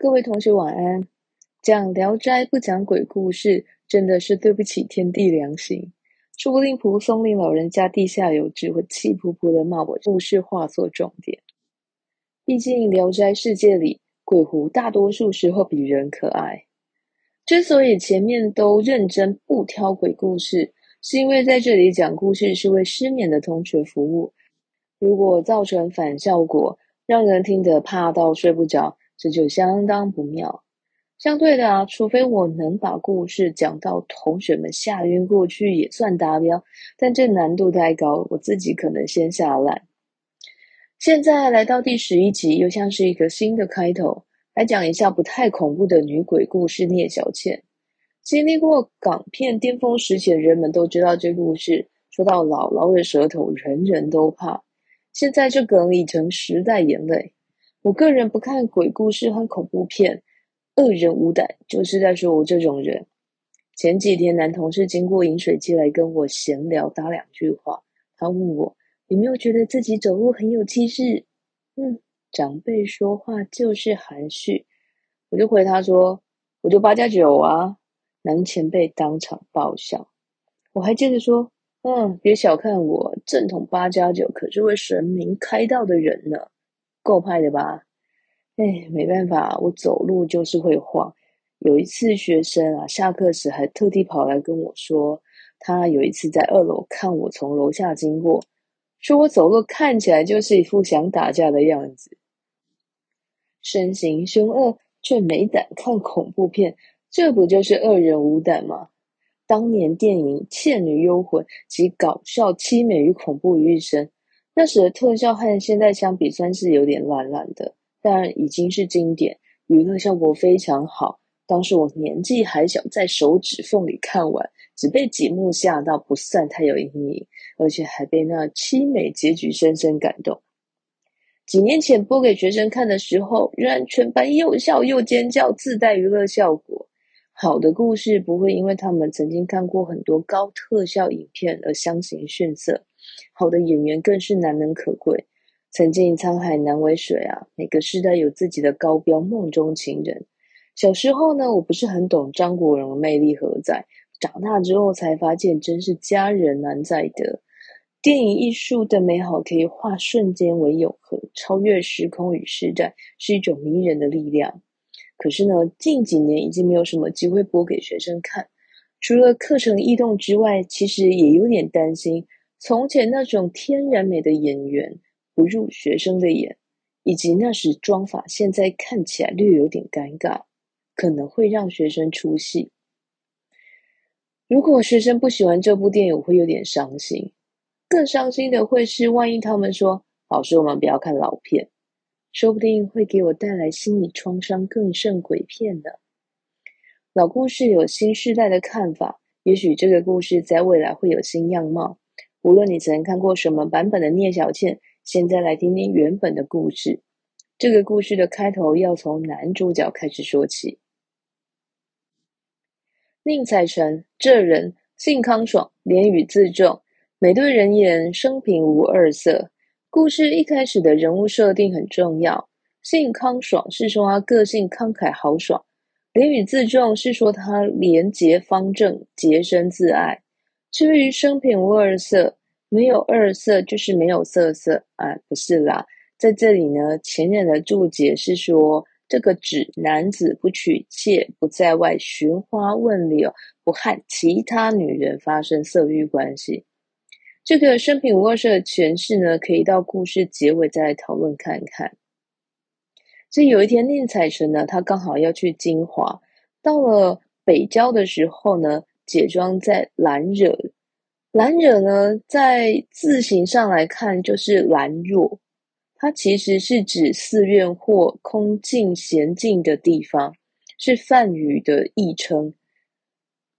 各位同學晚安，講《聊齋》不講鬼故事，真的是對不起天地良心。說不定蒲松齡老人家地下有知，會氣撲撲的罵我故事化作重點。畢竟《聊齋》世界裡，鬼狐大多數時候比人可愛。之所以前面都認真不挑鬼故事，是因為在這裡講故事是為失眠的同學服務。如果造成反效果，讓人聽得怕到睡不着。這就相當不妙。相對的，啊，除非我能把故事講到同學們嚇暈過去，也算達標。但這難度太高，我自己可能先嚇爛。現在來到第十一集，又像是一個新的開頭，來講一下不太恐怖的女鬼故事——聶小倩。經歷過港片巔峰時期的人們都知道這故事，說到姥姥的舌頭，人人都怕。現在這梗已成時代眼淚。我個人不看鬼故事和恐怖片，惡人無膽，就是在說我這種人。前幾天男同事經過飲水機來跟我閒聊打兩句話，他問我有沒有覺得自己走路很有氣勢？嗯，長輩說話就是含蓄，我就回他說我就八加九啊。男前輩當場爆笑，我還接着說，嗯，別小看我，正統八加九可是為神明開道的人呢。夠派的吧？哎，沒辦法，我走路就是會晃。有一次學生啊，下課時還特地跑來跟我說，他有一次在二樓看我從樓下經過，說我走路看起來就是一副想打架的樣子，身形凶惡，卻沒膽看恐怖片，這不就是惡人無膽嗎？當年電影《倩女幽魂》集搞笑、淒美與恐怖於一身。那時的特效和現在相比算是有點爛爛的，但已經是經典，娛樂效果非常好。當時我年紀還小，在手指縫裡看完，只被幾幕嚇到不算太有陰影，而且還被那淒美結局深深感動。幾年前播給學生看的時候，居然全班又笑又尖叫，自帶娛樂效果。好的故事不會因為他們曾經看過很多高特效影片而相形遜色。好的演員更是難能可貴。曾經滄海難為水啊！每個時代有自己的高標夢中情人。小時候呢，我不是很懂張國榮的魅力何在。長大之後才發現，真是佳人難再得。電影藝術的美好，可以化瞬間為永恆，超越時空與時代，是一種迷人的力量。可是呢，近幾年已經沒有什麼機會播給學生看，除了課程異動之外，其實也有點擔心。從前那種天然美的演員不入學生的眼，以及那時妝法，現在看起來略有點尷尬，可能會讓學生出戲。如果學生不喜歡這部電影，我會有點傷心。更傷心的會是，萬一他們說：“老師，我們不要看老片。”，說不定會給我帶來心理創傷，更勝鬼片呢。老故事有新世代的看法，也許這個故事在未來會有新樣貌。無論你曾看過什麼版本的聶小倩，現在來聽聽原本的故事。這個故事的開頭要從男主角開始說起。寧采臣這人性慷爽，廉隅自重，每對人言，生平無二色。故事一開始的人物設定很重要。性慷爽是說他個性慷慨豪爽，廉隅自重是說他廉潔方正，潔身自愛。至於生平無二色，沒有二色，就是沒有色色啊，不是啦，在這裡呢，前人的注解是說，這個指男子不娶妾，不在外尋花問柳，哦，不和其他女人發生色欲關係。這個生平無二色的詮釋呢，可以到故事結尾再來討論看看。所以有一天，寧采臣呢，他剛好要去金華，到了北郊的時候呢，解裝在蘭若。蘭惹呢，在字形上來看，就是蘭若。它其實是指寺院或空靜閒靜的地方，是梵語的譯稱。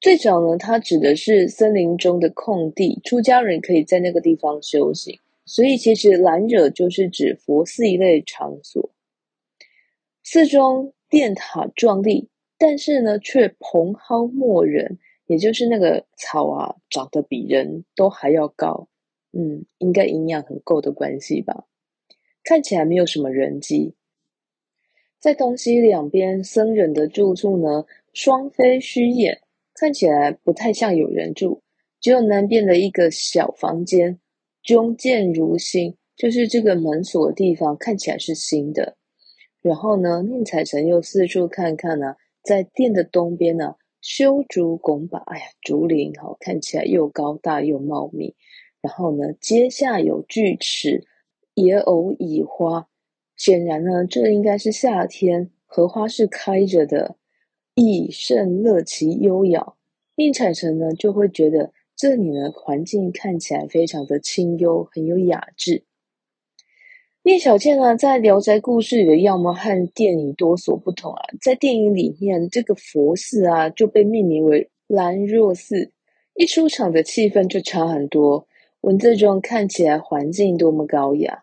最早呢，它指的是森林中的空地，出家人可以在那個地方修行。所以，其實蘭惹就是指佛寺一類場所。寺中殿塔壯麗，但是呢，卻蓬蒿沒人。也就是那個草啊，長得比人都還要高，嗯，應該營養很夠的關係吧。看起來沒有什麼人跡，在東西兩邊僧人的住處呢，雙扉虛掩，看起來不太像有人住。只有南邊的一個小房間，中見如新，就是這個門鎖的地方看起來是新的。然後呢，寧采臣又四處看看呢、啊，在殿的東邊呢、啊。修竹拱把，哎呀，竹林好、哦、看起來又高大又茂密。然後呢，階下有巨池，野藕已花。顯然呢，這應該是夏天，荷花是開着的，意甚樂其幽雅。寧采臣呢，就會覺得這裡呢，環境看起來非常的清幽，很有雅致。聶小倩呢、啊，在《聊齋故事》裡的樣貌和電影多所不同啊。在電影裡面，這個佛寺啊，就被命名為蘭若寺，一出場的氣氛就差很多。文字中看起來環境多麼高雅，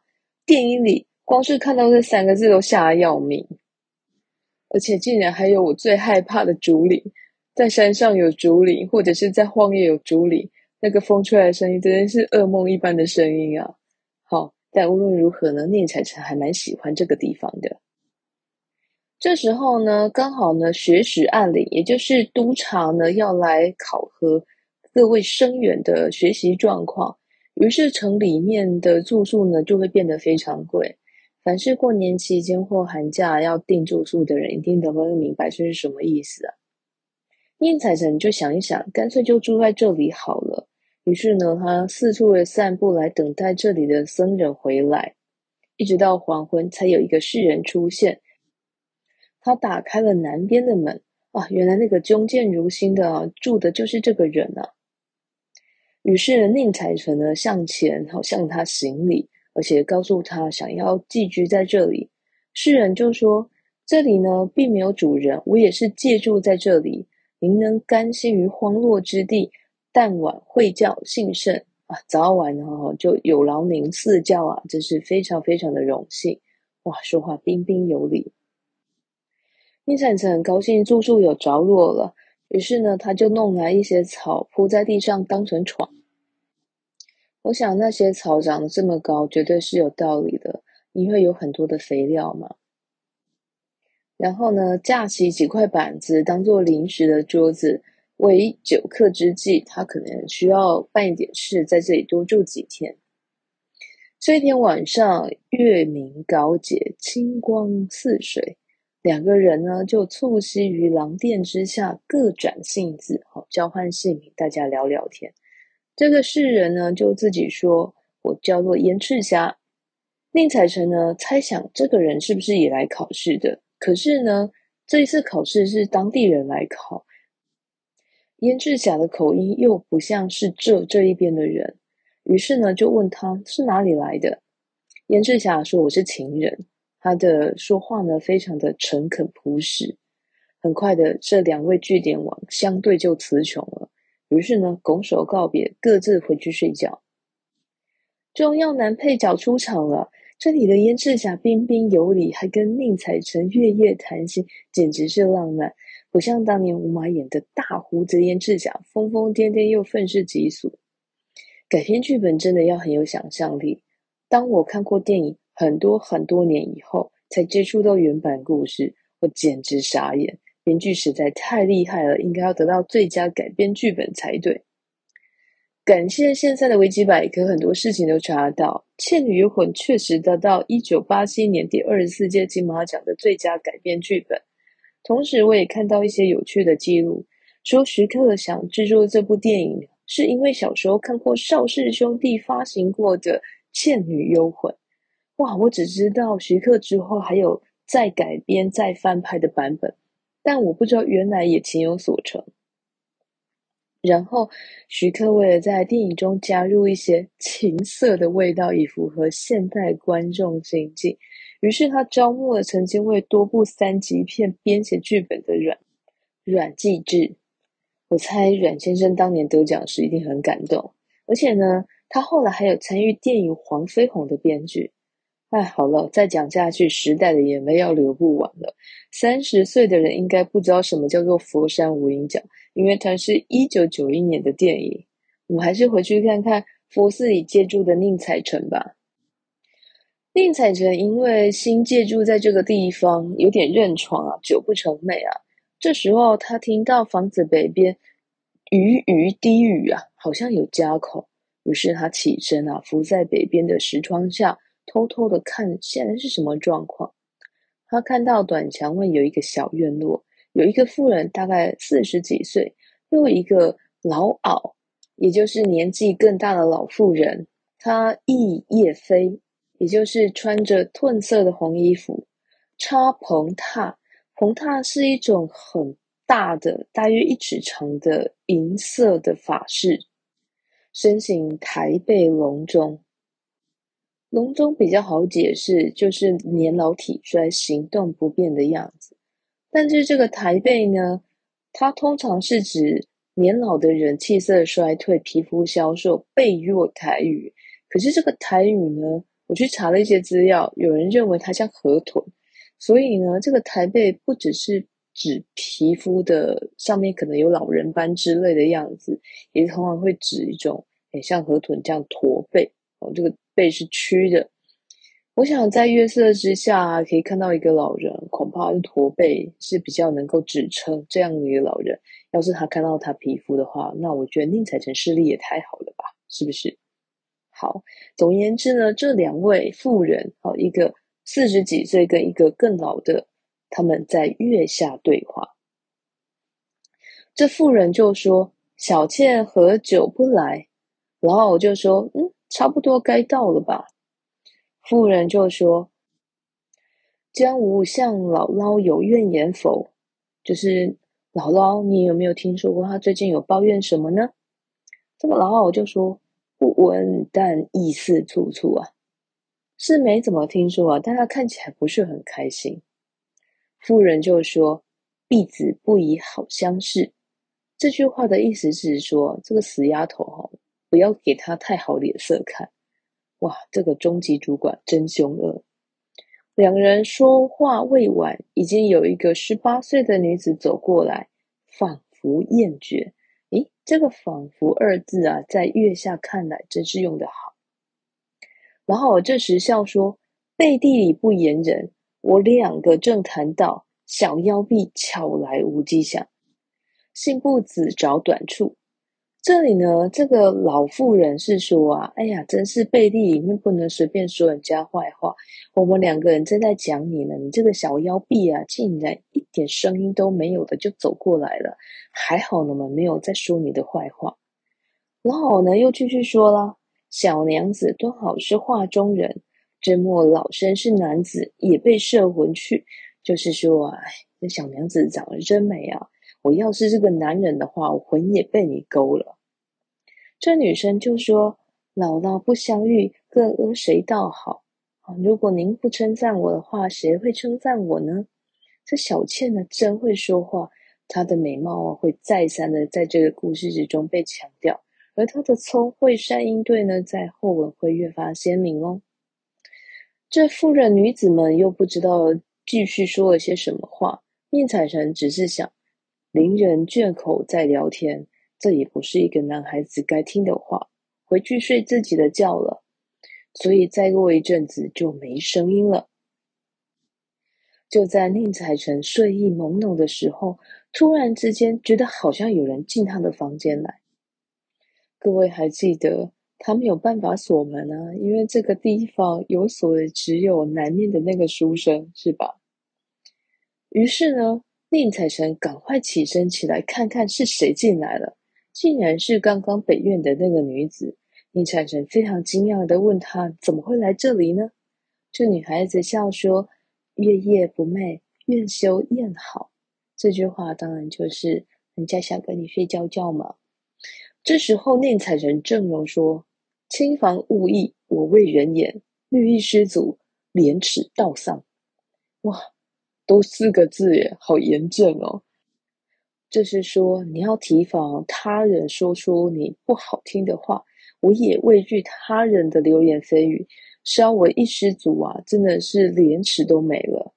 電影裡光是看到這三個字都嚇得要命，而且竟然還有我最害怕的竹林。在山上有竹林，或者是在荒野有竹林，那個風吹來的聲音真的是噩夢一般的聲音啊。但無論如何呢，寧采臣還蠻喜歡這個地方的。這時候呢，剛好呢，學使按臨，也就是督察呢，要來考核各位生員的學習狀況，於是城裡面的住宿呢，就會變得非常貴。凡是過年期間或寒假要訂住宿的人，一定都會明白這是什麼意思啊。寧采臣就想一想，乾脆就住在這裡好了。於是呢，他四處的散步來等待這裡的僧人回來，一直到黃昏，才有一個士人出現。他打開了南邊的門，啊，原來那個扃鍵如新的，啊、住的就是這個人啊！於是呢，寧采臣呢向前，好向他行禮，而且告訴他想要寄居在這裡。士人就說：“這裡呢並沒有主人，我也是借住在這裡。您能甘心於荒落之地？”但晚會教姓盛啊，早晚呢、哦、就有勞您賜教啊，真是非常非常的榮幸哇！說話彬彬有禮。寧采臣很高興住處有着落了，於是呢他就弄來一些草鋪在地上當成床。我想那些草長得這麼高，絕對是有道理的，因為有很多的肥料嘛。然後呢，架起幾塊板子當做臨時的桌子。為久客之際，他可能需要辦一點事，在這裡多住幾天。這一天晚上，月明高潔，清光似水。兩個人呢，就促膝於廊殿之下，各轉性子，好交換姓名，大家聊聊天。這個世人呢，就自己說：“我叫做燕赤霞。”寧采臣呢，猜想這個人是不是也來考試的？可是呢，這一次考試是當地人來考。燕赤霞的口音又不像是這這一邊的人，於是呢就問他是哪裡來的。燕赤霞說：“我是秦人。”他的說話呢非常的誠懇樸實。很快的，這兩位句點王相對就詞窮了，於是呢拱手告別，各自回去睡覺。重要男配角出場了，這裡的燕赤霞彬彬有禮，還跟寧采臣月夜談心，簡直是浪漫。不像當年午馬演的大鬍子、燕赤霞，瘋瘋癲癲又憤世嫉俗。改編劇本真的要很有想象力。當我看過電影很多很多年以後，才接觸到原版故事，我簡直傻眼，編劇實在太厲害了，應該要得到最佳改編劇本才對。感謝現在的維基百科，很多事情都查得到，《倩女幽魂》確實得到1987年第二十四屆金馬獎的最佳改編劇本。同時，我也看到一些有趣的記錄，說徐克想制作這部電影，是因為小時候看過邵氏兄弟發行過的《倩女幽魂》。哇，我只知道徐克之後還有再改編、再翻拍的版本，但我不知道原來也情有所成。然後，徐克為了在電影中加入一些情色的味道，以符合現代觀眾心境。於是他招募了曾經為多部三級片編寫劇本的阮阮繼志，我猜阮先生當年得獎時一定很感動。而且呢，他後來還有參與電影《黃飛鴻》的編劇。哎，好了，再講下去時代的眼淚要流不完了。三十歲的人應該不知道什麼叫做佛山無影腳，因為它是一九九一年的電影。我們還是回去看看佛寺裡借住的寧采臣吧。寧采臣因為新借住在這個地方，有點認床啊，久不成寐啊。這時候，他聽到房子北邊喁喁低語啊，好像有家口。於是他起身啊，伏在北邊的石窗下，偷偷的看現在是什麼狀況。他看到短牆外有一個小院落，有一個婦人，大概四十幾歲，又一個老媪，也就是年紀更大的老婦人，她亦葉飛。也就是穿着褪色的紅衣服，插蓬沓，蓬沓是一種很大的、大約一尺長的銀色的髮飾，身形鮐背龍鍾。龍鍾比較好解釋，就是年老體衰、行動不便的樣子。但是這個鮐背呢，它通常是指年老的人氣色衰退、皮膚消瘦、背若鮐魚。可是這個鮐魚呢？我去查了一些資料，有人認為它像河豚，所以呢，這個駝背不只是指皮膚的上面可能有老人斑之類的樣子，也通常會指一種，很、欸、像河豚這樣駝背哦，這個背是曲的。我想在月色之下可以看到一個老人，恐怕是駝背是比較能夠指稱這樣的一個老人。要是他看到他皮膚的話，那我覺得寧采臣視力也太好了吧？是不是？好，總而言之呢，這兩位婦人，好一個四十幾歲跟一個更老的，他們在月下對話。這婦人就說：“小倩何久不來？”老媪就說：“嗯，差不多該到了吧。”婦人就說：“將無向姥姥有怨言否？就是姥姥，你有沒有聽說過她最近有抱怨什麼呢？”這個老媪就說。不聞，但意似蹙蹙啊，是沒怎麼聽說啊。但他看起來不是很開心。婦人就說：“婢子不宜好相識。”這句話的意思是說，這個死丫頭哈、哦，不要給她太好臉色看。哇，這個中級主管真凶惡。兩人說話未完，已經有一個十八歲的女子走過來，仿佛豔絕。這個“仿佛”二字啊，在月下看來，真是用得好。然後我這時笑說：“背地裡不言人，我兩個正談道，小妖婢悄來無跡響，幸不訾著短處。”這裡呢，這個老婦人是說啊，哎呀，真是背地裡面不能隨便說人家壞話。我們兩個人正在講你呢，你這個小妖婢啊，竟然一點聲音都沒有的就走過來了，還好呢，我們沒有在說你的壞話。然後呢，又繼續說了，小娘子多好是畫中人，這末老身是男子，也被攝魂去。就是說，哎，這小娘子長得真美啊，我要是這個男人的話，我魂也被你勾了。這女生就說：“姥姥不相遇，更阿誰道好？如果您不稱讚我的話，誰會稱讚我呢？”這小倩呢，真會說話，她的美貌啊，會再三的在這個故事之中被強調，而她的聰慧善應對呢，在後文會越發鮮明哦。這婦人女子們又不知道繼續說了些什麼話，寧采臣只是想，鄰人眷口在聊天。這也不是一個男孩子該聽的話，回去睡自己的覺了。所以再過一陣子就沒聲音了。就在寧采臣睡意朦朧的時候，突然之間覺得好像有人進他的房間來。各位還記得他沒有辦法鎖門啊，因為這個地方有鎖的只有南面的那個書生是吧？於是呢，寧采臣趕快起身起來，看看是誰進來了。竟然是剛剛北院的那個女子，寧采臣非常驚訝地問她：“怎麼會來這裡呢？”這女孩子笑說：“月夜不寐，願修燕好。”這句話當然就是人家想跟你睡覺覺嘛。這時候寧采臣正容說：“卿防物議，我畏人言，略一失足，廉恥道喪。”哇，都四個字耶，好嚴正哦。就是說，你要提防他人說出你不好聽的話，我也畏懼他人的流言蜚語，稍微一失足啊，真的是廉恥都沒了。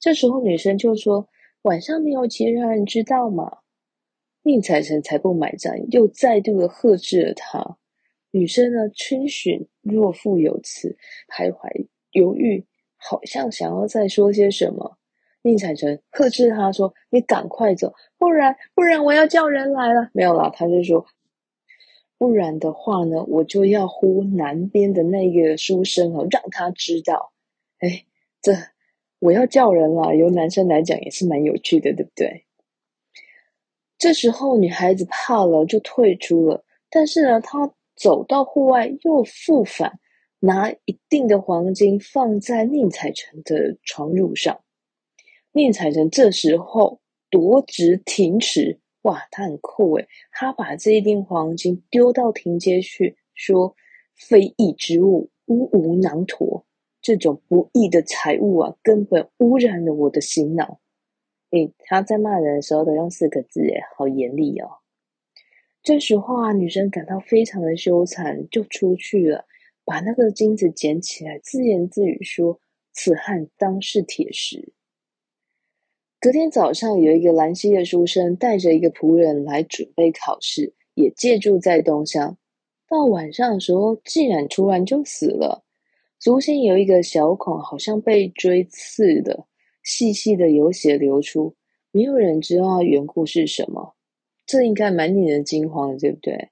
這時候女生就說：“晚上沒有其他人知道嗎？”寧采臣才不買賬，又再度的呵斥了他。女生呢，逡巡若復有詞，徘徊猶豫，好像想要再說些什麼。寧采臣呵斥他說：“你趕快走，不然不然我要叫人來了。”沒有啦，他就說：“不然的話呢，我就要呼南邊的那個書生哦，讓他知道，誒這我要叫人了。由男生來講也是蠻有趣的，對不對？”這時候女孩子怕了，就退出了。但是呢，她走到戶外又復返，拿一錠黃金放在寧采臣的床褥上。寧采臣這時候擲之庭墀。哇，他很酷哎！他把這一錠黃金丟到庭墀去，說：“非義之物，污吾囊橐。這種不義的財物啊，根本污染了我的心腦。嗯”誒，他在罵人的時候都用四個字誒，好嚴厲哦！這時候啊，女生感到非常的羞慚，就出去了，把那個金子撿起來，自言自語說：“此漢當是鐵石。”隔天早上，有一個蘭溪的書生帶着一個僕人來準備考試，也借住在東鄉。到晚上的時候，竟然突然就死了，足心有一個小孔，好像被錐刺的，細細的有血流出。沒有人知道他緣故是什麼。這應該蠻令人驚慌，對不對？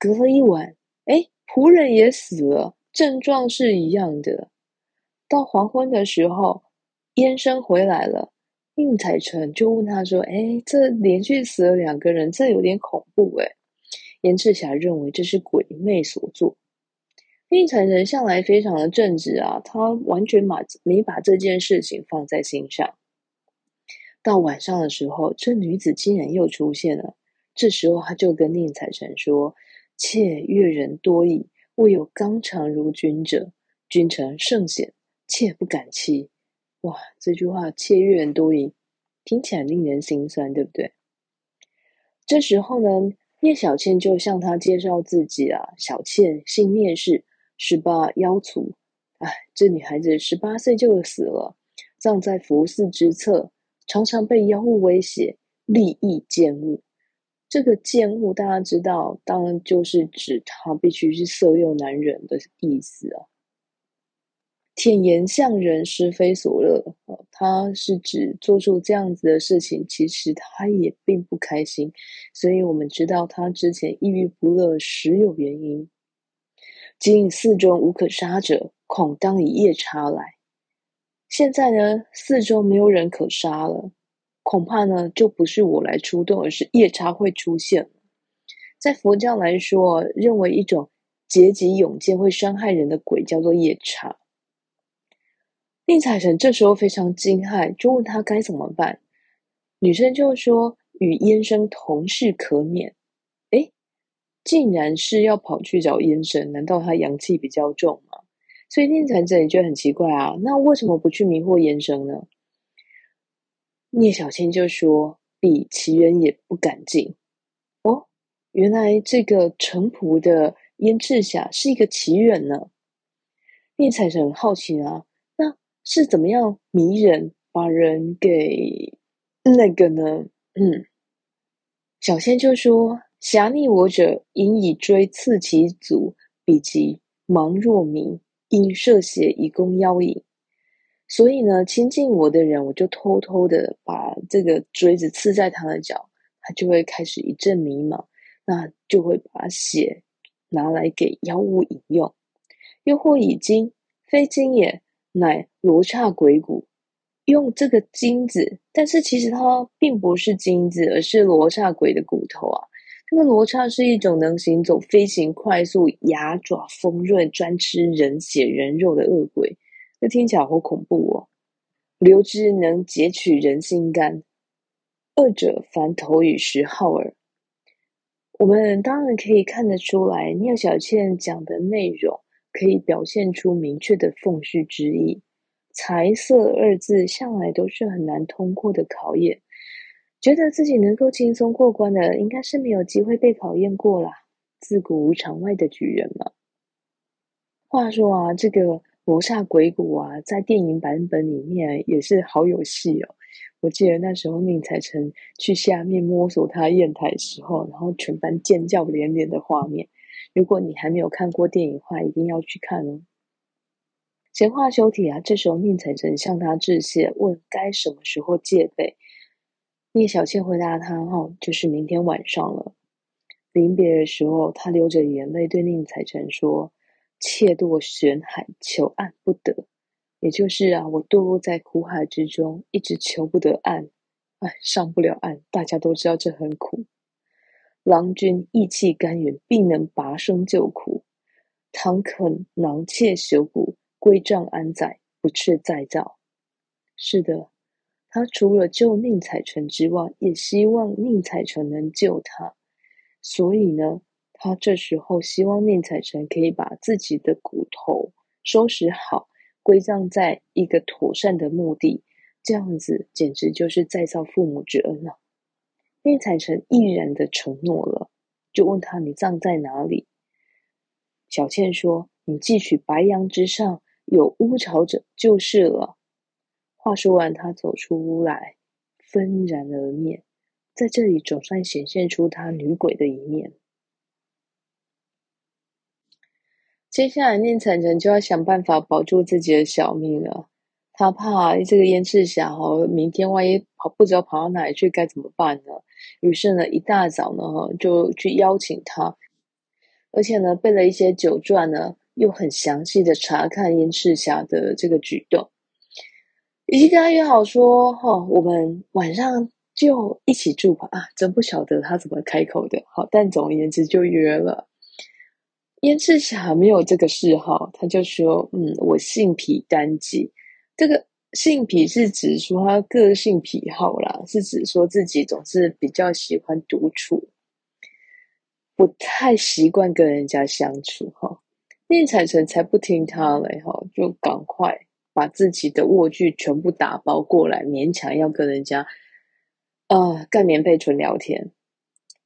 隔了一晚，哎，僕人也死了，症狀是一樣的。到黃昏的時候，燕生回來了。寧采臣就問他說：“哎，這連續死了兩個人，這有點恐怖哎。”燕赤霞認為這是鬼魅所作。寧采臣向來非常的正直啊，他完全沒把沒把這件事情放在心上。到晚上的時候，這女子竟然又出現了。這時候，他就跟寧采臣說：“妾閱人多矣，未有剛腸如君者。君臣聖賢，妾不敢欺。”哇，這句話“妾閱人多矣”聽起來令人心酸，對不對？這時候呢，聶小倩就向他介紹自己啊，小倩姓，姓聶氏，十八夭殂。哎，這女孩子十八歲就死了，葬在佛寺之側，常常被妖物威脅，歷役賤務。這個賤務大家知道，當然就是指她，必須是色誘男人的意思啊。舔顏向人，是非所樂。啊，他是指做出這樣子的事情，其實他也並不開心。所以我們知道他之前抑鬱不樂，實有原因。今寺中無可殺者，恐當以夜叉來。現在呢，四周沒有人可殺了，恐怕呢就不是我來出動，而是夜叉會出現。在佛教來說，認為一種捷疾勇健會傷害人的鬼叫做夜叉。寧采臣這時候非常驚駭，就問他該怎麼辦。女生就說：“與燕生同事可免。”哎，竟然是要跑去找燕生？難道他陽氣比較重嗎？所以寧采臣也覺得很奇怪啊。那為什麼不去迷惑燕生呢？聶小倩就說：“彼奇人也不敢進。”哦，原來這個城僕的燕赤霞是一個奇人呢。寧采臣好奇啊。是怎麼樣迷人把人給那個呢？嗯，小倩就說：狎昵我者，隱以錐刺其足，彼即茫若迷，因攝血以供妖飲。所以呢，親近我的人，我就偷偷的把這個錐子刺在他的腳，他就會開始一陣迷茫，那就會把血拿來給妖物飲用，又或以金，非金也，乃。羅剎鬼骨，用這個金子，但是其實它並不是金子，而是羅剎鬼的骨頭啊。這個羅剎是一種能行走、飛行、快速、牙爪豐潤，專吃人血人肉的惡鬼，這聽起來好恐怖哦。留之能截取人心肝，惡者凡投與時號耳。我們當然可以看得出來，聶小倩講的內容可以表現出明確的諷世之意。財色二字向來都是很難通過的考驗，覺得自己能夠輕鬆過關的，應該是沒有機會被考驗過啦。自古無場外的舉人嘛。話說啊，這個羅剎鬼谷啊，在電影版本裡面也是好有戲哦、喔。我記得那時候寧采臣去下面摸索他硯台的時候，然後全班尖叫連連的畫面。如果你還沒有看過電影話，一定要去看哦、喔。閒話休提啊！這時候，寧采臣向他致謝，問該什麼時候戒備。聶小倩回答他、哦：“哈，就是明天晚上了。”臨別的時候，他流着眼淚對寧采臣說：“妾墮玄海，求岸不得，也就是啊，我墮落在苦海之中，一直求不得岸，哎，上不了岸。大家都知道這很苦。郎君義氣干雲，必能拔生救苦，倘肯囊妾朽骨。”歸葬安宅，不啻再造。是的，他除了救寧采臣之外，也希望寧采臣能救他。所以呢，他這時候希望寧采臣可以把自己的骨頭收拾好，歸葬在一個妥善的墓地。這樣子，簡直就是再造父母之恩啊。寧采臣毅然的承諾了，就問他：“你葬在哪裡？”小倩說：“你寄取白楊之上。”有烏巢者，就是了。話說完，他走出屋來，憤然而滅。在這裡，總算顯現出他女鬼的一面。接下來，寧采臣就要想辦法保住自己的小命了。他怕，怕、啊、這個燕赤霞明天萬一跑，不知道跑到哪裡去，該怎麼辦呢？於是呢，一大早呢，就去邀請他，而且呢，備了一些酒饌呢。又很詳細的查看燕赤霞的這個舉動，已經跟他約好說哈、哦，我們晚上就一起住吧啊！真不曉得他怎麼開口的，好、哦，但總而言之就約了。燕赤霞沒有這個嗜好，他就說：“嗯，我性癖單寂。這個性癖是指說他個性癖好啦，是指說自己總是比較喜歡獨處，不太習慣跟人家相處哈。哦”聶采臣才不聽他嘞，就趕快把自己的臥具全部打包過來，勉強要跟人家啊，蓋、呃、棉被純聊天。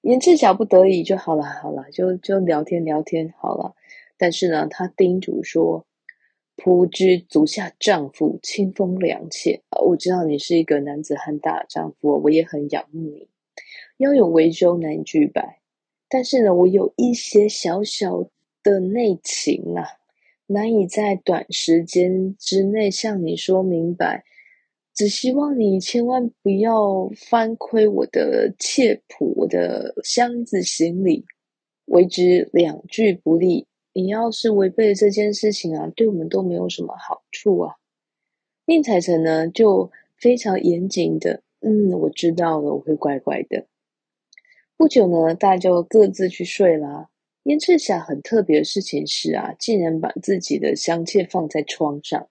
燕赤霞不得已就好了，好了，就就聊天聊天好了。但是呢，他叮囑說：“僕知足下丈夫，清風良妾、啊、我知道你是一個男子漢大丈夫，我也很仰慕你，要有維州難拒白。但是呢，我有一些小小。”的內情啊，難以在短時間之內向你說明白。只希望你千萬不要翻窺我的篋襆，我的箱子行李，為之兩俱不利。你要是違背這件事情啊，對我們都沒有什麼好處啊。寧采臣呢，就非常嚴謹的，嗯，我知道了，我會乖乖的。不久呢，大家就各自去睡啦。燕赤霞很特別的事情是啊，竟然把自己的箱篋放在窗上。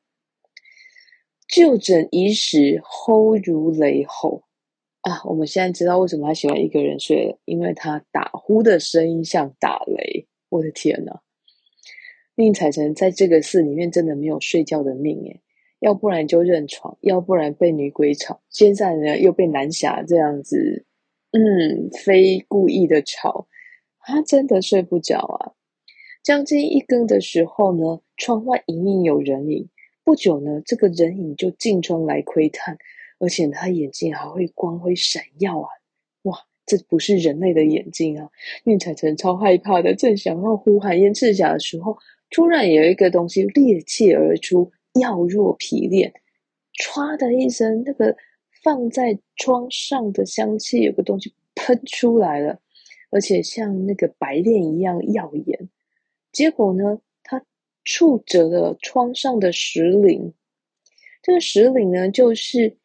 就枕移時，齁如雷吼啊！我們現在知道為什麼他喜歡一個人睡了，因為他打呼的聲音像打雷。我的天吶！啊，寧采臣在這個寺裡面真的沒有睡覺的命誒，要不然就認床，要不然被女鬼吵，現在呢又被男俠這樣子，嗯，非故意的吵。他、啊、真的睡不着啊！將近一更的時候呢，窗外隱隱有人影。不久呢，這個人影就進窗來窺探，而且他眼睛還會光輝閃耀啊！哇，這不是人類的眼睛啊！寧采臣超害怕的，正想要呼喊燕赤霞的時候，突然有一個東西裂氣而出，耀若匹練，唰的一聲，那個放在窗上的香氣，有個東西噴出來了。而且像那個白練一樣耀眼，結果呢，它觸折了窗上的石欞。這個石欞呢，就是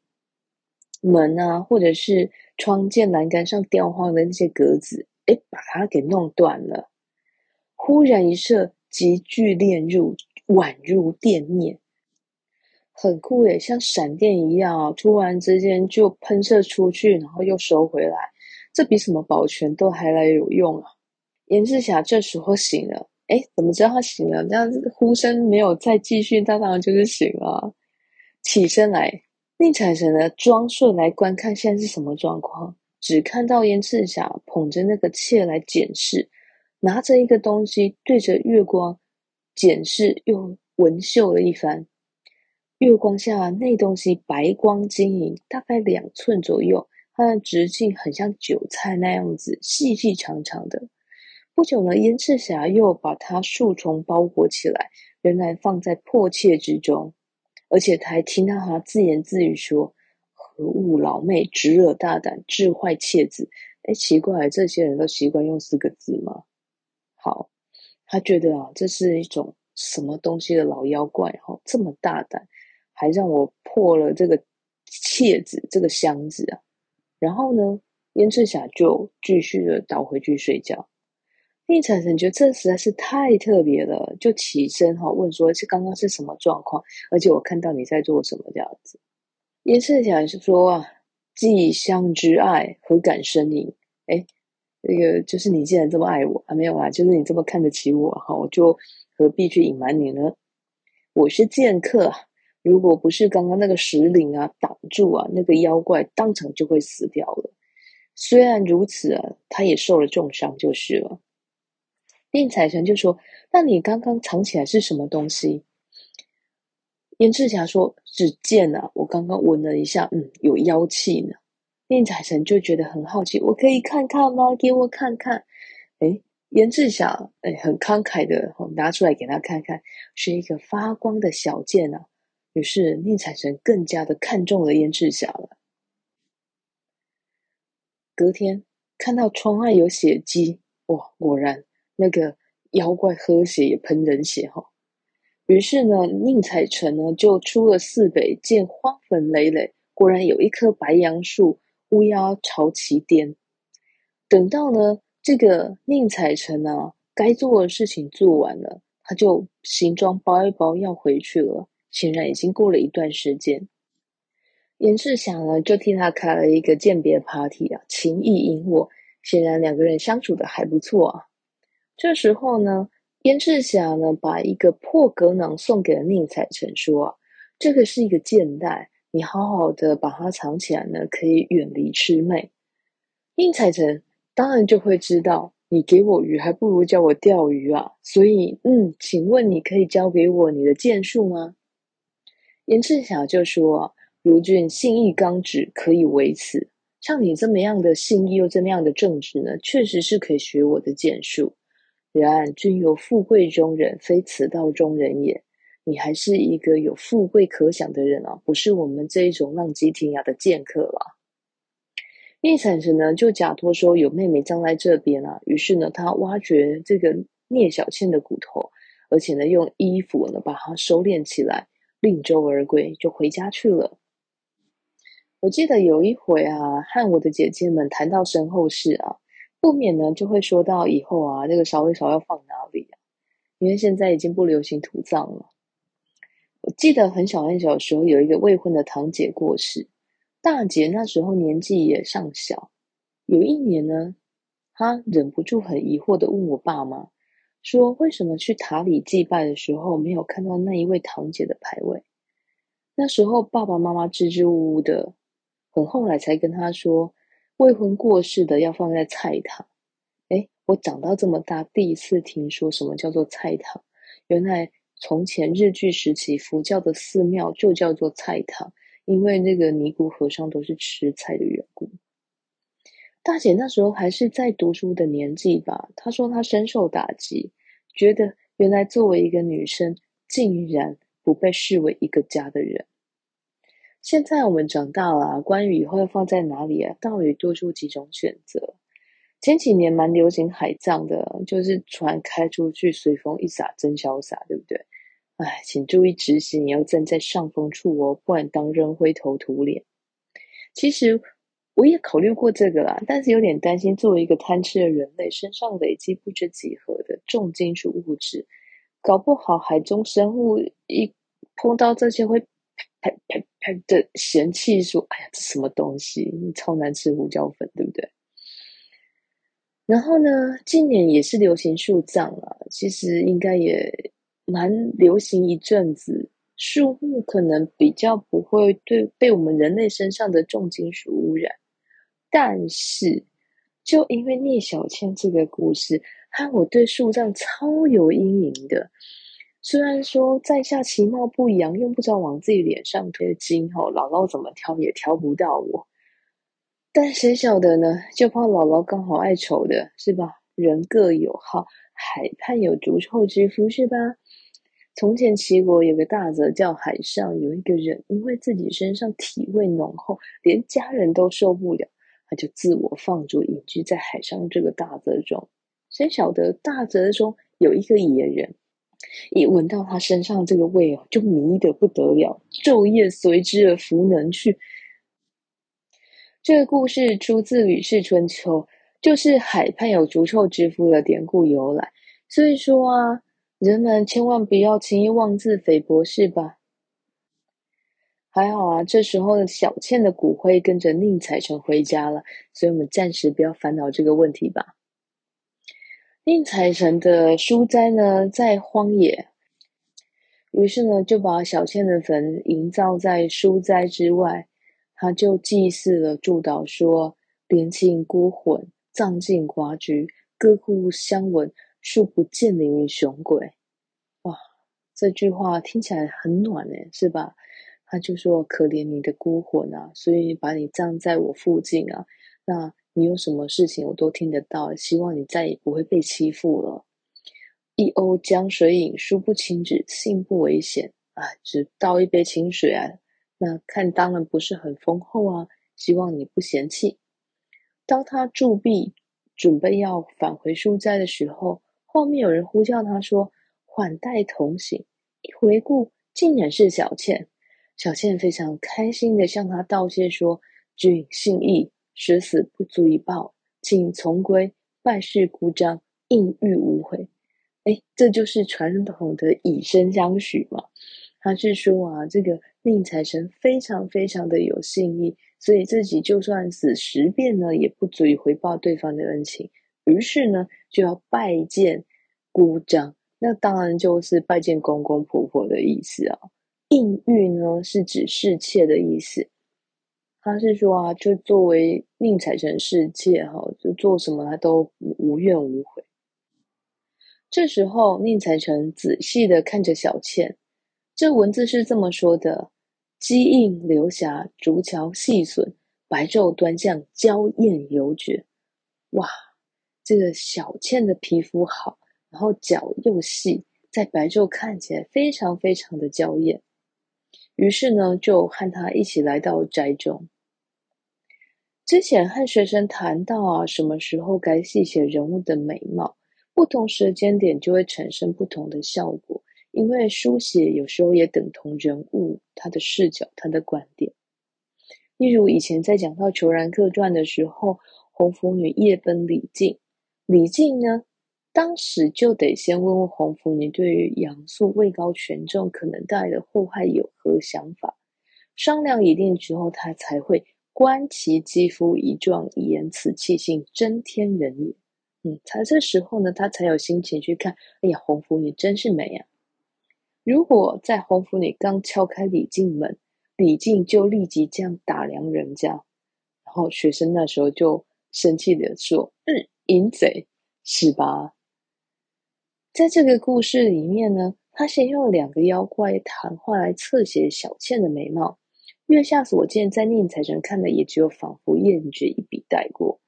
門啊，或者是窗、件欄杆上雕花的那些格子，誒，把它給弄斷了。忽然一射，急劇煉入，宛如電面，很酷誒，像閃電一樣啊、哦！突然之間就噴射出去，然後又收回來。這比什麼保全都還來有用啊！燕赤霞這時候醒了，誒，怎麼知道他醒了？這樣子呼聲沒有再繼續，大當然就是醒了。起身來，寧采臣呢裝睡來觀看現在是什麼狀況，只看到燕赤霞捧着那個妾來檢視，拿着一個東西對着月光檢視，又聞嗅了一番。月光下那東西白光晶瑩，大概兩寸左右。它的直徑很像韭菜那樣子，細細長長的。不久呢，燕赤霞又把它數重包裹起來，原來放在破篋之中。而且他還聽到他自言自語說：“何物老魅，直惹大膽，致壞篋子。」哎，奇怪、啊，這些人都習慣用四個字嗎？好，他覺得啊，這是一種什麼東西的老妖怪？哈、哦，這麼大膽，還讓我破了這個篋子，這個箱子啊！然後呢，燕赤霞就繼續的倒回去睡覺。寧采臣覺得這實在是太特別了，就起身哈問說：“是剛剛是什麼狀況？而且我看到你在做什麼這樣子？”燕赤霞是說：“既相知愛，何敢生疑？”誒那、這個就是你既然這麼愛我，還沒有啊，就是你這麼看得起我哈，我就何必去隱瞞你呢？我是劍客。如果不是剛剛那個石嶺啊擋住啊，那個妖怪當場就會死掉了。雖然如此啊，他也受了重傷就是了。寧采臣就說：“那你剛剛藏起來是什麼東西？”燕赤霞說：“是劍啊，我剛剛聞了一下，嗯，有妖氣呢。”寧采臣就覺得很好奇，我可以看看嗎？給我看看。誒燕赤霞誒很慷慨的拿出來給他看看，是一個發光的小劍啊。於是寧采臣更加的看中了燕赤霞。了。隔天看到窗外有血跡，哇，果然那個妖怪喝血也噴人血吼。於是呢，寧采臣呢就出了寺北，見花粉累累，果然有一棵白楊樹，烏鴉朝其顛。等到呢，這個寧采臣呢、啊、該做的事情做完了，他就行裝包一包要回去了。顯然已經過了一段時間，燕赤霞呢就替他開了一個餞別 party 啊，情意引我，顯然兩個人相處的還不錯啊。這時候呢，燕赤霞呢把一個破格囊送給了寧采臣，說：“這個是一個劍袋，你好好的把它藏起來呢，可以遠離魑魅。寧采臣當然就會知道，你給我魚，還不如教我釣魚啊。所以，嗯，請問你可以教給我你的劍術嗎？燕赤霞就說：“如君信義剛直，可以為此。像你這麼樣的信義，又這麼樣的正直呢，確實是可以學我的劍術。然君有富貴中人，非此道中人也。你還是一個有富貴可想的人啊，不是我們這一種浪跡天涯的劍客了。”寧采臣呢，就假托說有妹妹葬在這邊啊，於是呢，他挖掘這個聶小倩的骨頭，而且呢，用衣服呢把它收斂起來。賃舟而歸，就回家去了。我記得有一回啊，和我的姐姐們談到身後事啊，不免呢就會說到以後啊，這個燒一燒要放哪裡啊？因為現在已經不流行土葬了。我記得很小很小的時候，有一個未婚的堂姐過世，大姐那時候年紀也尚小。有一年呢，她忍不住很疑惑的問我爸媽。說，為什麼去塔裡祭拜的時候沒有看到那一位堂姐的牌位？那時候爸爸媽媽支支吾吾的，很後來才跟他說，未婚過世的要放在菜堂。誒，我長到這麼大第一次聽說什麼叫做菜堂，原來從前日據時期佛教的寺廟就叫做菜堂，因為那個尼姑和尚都是吃菜的緣故。大姐那時候還是在讀書的年紀吧，她說她深受打擊，覺得原來作為一個女生，竟然不被視為一個家的人。現在我們長大了啊，關於以後要放在哪裡啊？到底多出幾種選擇？前幾年蠻流行海葬的，就是船開出去，隨風一撒，真瀟灑，對不對？哎，請注意執行，你要站在上風處哦，不然當人灰頭土臉。其實。我也考慮過這個啦，但是有點擔心，作為一個貪吃的人類，身上累積不知幾何的重金屬物質，搞不好海中生物一碰到這些會呸呸呸的嫌棄說：“哎呀，這什麼東西？你超難吃胡椒粉，對不對？”然後呢，近年也是流行樹葬啊，其實應該也蠻流行一陣子。樹木可能比較不會對被我們人類身上的重金屬污染。但是，就因為聶小倩這個故事，害我對樹葬超有陰影的。雖然說在下其貌不揚，用不着往自己臉上貼金哦，姥姥怎麼挑也挑不到我。但誰曉得呢？就怕姥姥剛好愛醜的，是吧？人各有好，海畔有逐臭之夫，是吧？從前齊國有個大澤叫海上，有一個人因為自己身上體味濃厚，連家人都受不了。就自我放逐，隱居在海上這個大澤中。誰曉得大澤中有一個野人，一聞到他身上這個味哦、啊，就迷得不得了，晝夜隨之而弗能去。 這個故事出自《呂氏春秋》，就是海畔有足臭之夫的典故由來。所以說啊，人們千萬不要輕易妄自菲薄，是吧？還好啊，這時候小倩的骨灰跟着寧采臣回家了，所以我們暫時不要煩惱這個問題吧。寧采臣的書齋呢在荒野，於是呢就把小倩的墳營造在書齋之外，他就祭祀了，祝禱說：“憐卿孤魂，葬近蝸居，歌哭相聞，庶不見陵於雄鬼。”哇，這句話聽起來很暖哎，是吧？那就說：“可憐你的孤魂啊，所以把你葬在我附近啊。那你有什麼事情，我都聽得到。希望你再也不會被欺負了。”一甌漿水飲，殊不清止，幸不危險啊！只倒一杯清水啊。那看當然不是很豐厚啊。希望你不嫌棄。當他祝畢準備要返回書齋的時候，後面有人呼叫他說：“緩待同行。”一回顧，竟然是小倩。小倩非常開心的向他道謝說：“君信義，十死不足以報，請重歸拜世姑嫜，應遇無悔。誒”誒，這就是傳統的以身相許嘛。他是說啊，這個寧財神非常非常的有信義，所以自己就算死十遍呢，也不足以回報對方的恩情。於是呢，就要拜見姑嫜，那當然就是拜見公公婆婆的意思啊。媵御呢是指侍妾的意思，他是說啊，就作為寧采臣侍妾哈、哦，就做什麼他都無，無怨無悔。這時候，寧采臣仔細的看着小倩，這文字是這麼說的：“肌映流霞，足翹細筍，白晝端相嬌艷尤絕。”哇，這個小倩的皮膚好，然後腳又細，在白晝看起來非常非常的嬌艷。於是呢，就和他一起來到宅中。之前和學生談到啊，什麼時候該細寫人物的美貌，不同時間點就會產生不同的效果，因為書寫有時候也等同人物他的視角、他的觀點。例如以前在講到《虬髯客傳》的時候，紅拂女夜奔李靖，李靖呢？當時就得先問問紅拂，你對於楊素位高權重可能帶來的禍害有何想法？商量一定之後，他才會觀其肌膚儀狀，言辭氣性，真天人也。嗯，才這時候呢，他才有心情去看。哎呀，紅拂你真是美啊。如果在紅拂你剛敲開李靖門，李靖就立即這樣打量人家，然後學生那時候就生氣地說：“嗯，淫賊是吧？”在這個故事裡面呢，他先用兩個妖怪談話來側寫小倩的美貌。月下所見，在寧采臣看了也只有仿佛豔絕一筆帶過。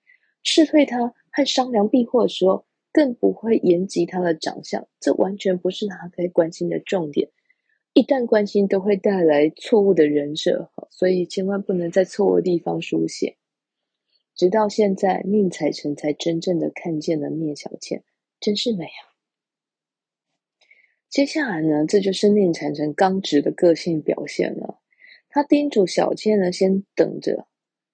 斥退他和商量避禍的時候，更不會言及他的長相，這完全不是他該關心的重點。一旦關心，都會帶來錯誤的人設，所以千萬不能在錯誤的地方書寫。直到現在，寧采臣才真正的看見了聶小倩，真是美啊！接下來呢，這就是寧采臣剛直的個性表現了。他叮囑小倩呢，先等着，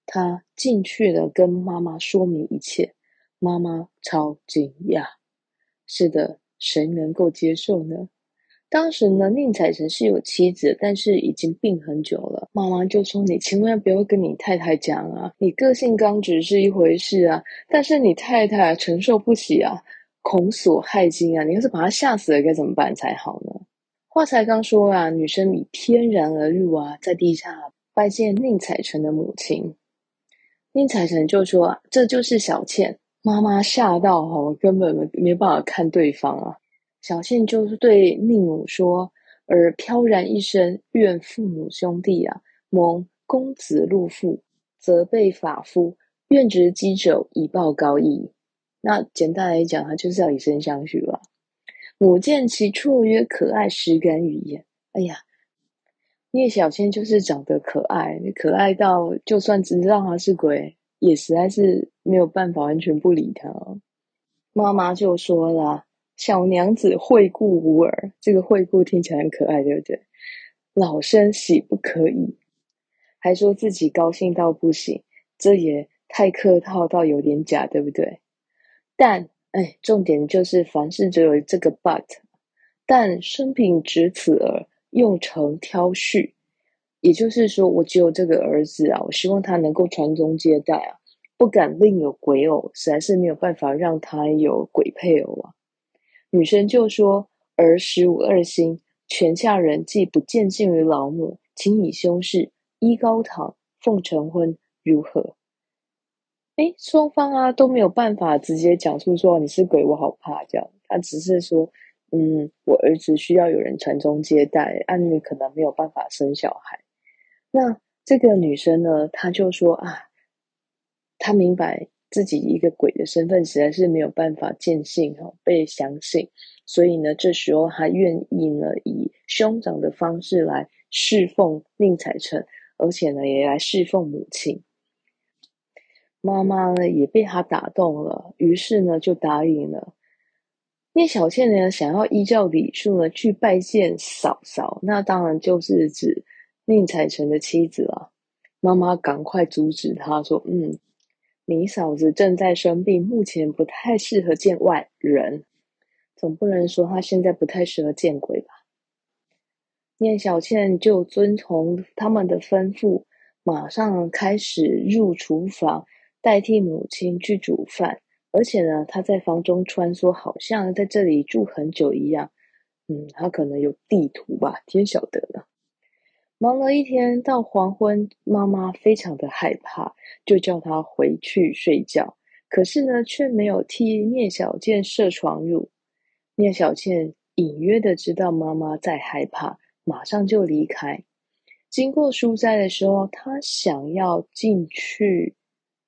他進去了跟媽媽說明一切。媽媽超驚訝，是的，誰能夠接受呢？當時呢，寧采臣是有妻子，但是已經病很久了。媽媽就說：“你千萬不要跟你太太講啊，你個性剛直是一回事啊，但是你太太承受不起啊。”孔所害驚啊！你要是把他嚇死了，該怎麼辦才好呢？話才剛說啊，女生已翩然而入啊，在地下拜見寧采臣的母親。寧采臣就說：“這就是小倩媽媽，嚇到我根本沒沒辦法看對方啊。”小倩就是對寧母說：“而飄然一身，怨父母兄弟啊，蒙公子入父，責被法夫，願執雞酒以報高義。”那簡單來講，他就是要以身相許吧。母見其綽約可愛，始敢與言。哎呀，聶小倩就是長得可愛，可愛到就算知道他是鬼，也實在是沒有辦法完全不理他。媽媽就說了：“小娘子惠顧吾兒，這個惠顧聽起來很可愛，對不對？”老身喜不可已，還說自己高興到不行，這也太客套到有點假，對不對？但哎，重點就是凡事，只有這個 but。但生平只此兒，用承祧緒，也就是說，我只有這個兒子啊，我希望他能夠傳宗接代啊，不敢令有鬼偶，實在是沒有辦法讓他有鬼配偶啊。女生就說：“兒實無二心，泉下人既不見信於老母，請以兄事依高堂，奉晨昏如何？”哎，雙方啊都沒有辦法直接講述說你是鬼，我好怕這樣。他只是說，嗯，我兒子需要有人傳宗接代，啊，按理可能沒有辦法生小孩。那這個女生呢，她就說啊，她明白自己一個鬼的身份實在是沒有辦法見信，被相信，所以呢，這時候她願意呢以兄長的方式來侍奉寧采臣，而且呢也來侍奉母親。媽媽呢也被他打動了，於是呢就答應了。聶小倩呢想要依照禮數呢去拜見嫂嫂，那當然就是指寧采臣的妻子了啊。媽媽趕快阻止他說：“嗯，你嫂子正在生病，目前不太適合見外人，總不能說她現在不太適合見鬼吧？”聶小倩就遵從他們的吩咐，馬上開始入廚房。代替母親去煮飯，而且呢，她在房中穿梭，好像在這裡住很久一樣。嗯，她可能有地圖吧，天曉得了。忙了一天到黃昏，媽媽非常的害怕，就叫她回去睡覺。可是呢，却沒有替聶小倩設床褥。聶小倩隱約的知道媽媽在害怕，馬上就離開。經過書齋的時候，她想要進去。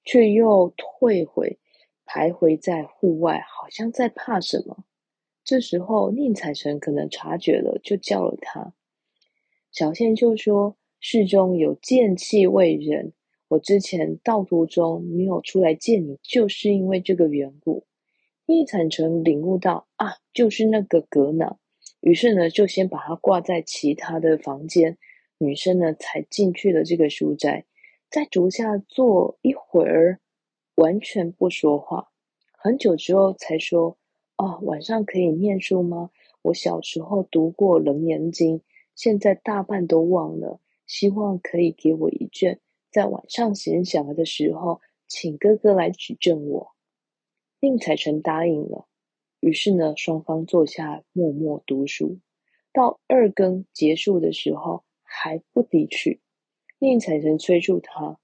卻又退回，徘徊在戶外，好像在怕什麼。這時候，寧采臣可能察覺了，就叫了他。小倩就說：“室中有劍氣畏人，我之前道途中沒有出來見你，就是因為這個緣故。”寧采臣領悟到，啊，就是那個革囊。於是呢，就先把它掛在其他的房間，女生呢才進去了這個書齋。在燭下坐一會兒，完全不說話。很久之後才說：“哦、啊，晚上可以唸書嗎？我小時候讀過《楞嚴經》，現在大半都忘了。希望可以給我一卷，在晚上閒暇的時候，請哥哥來指正我。”寧采臣答應了。於是呢，雙方坐下，默默讀書。到二更結束的時候，還不離去。寧采臣催住她，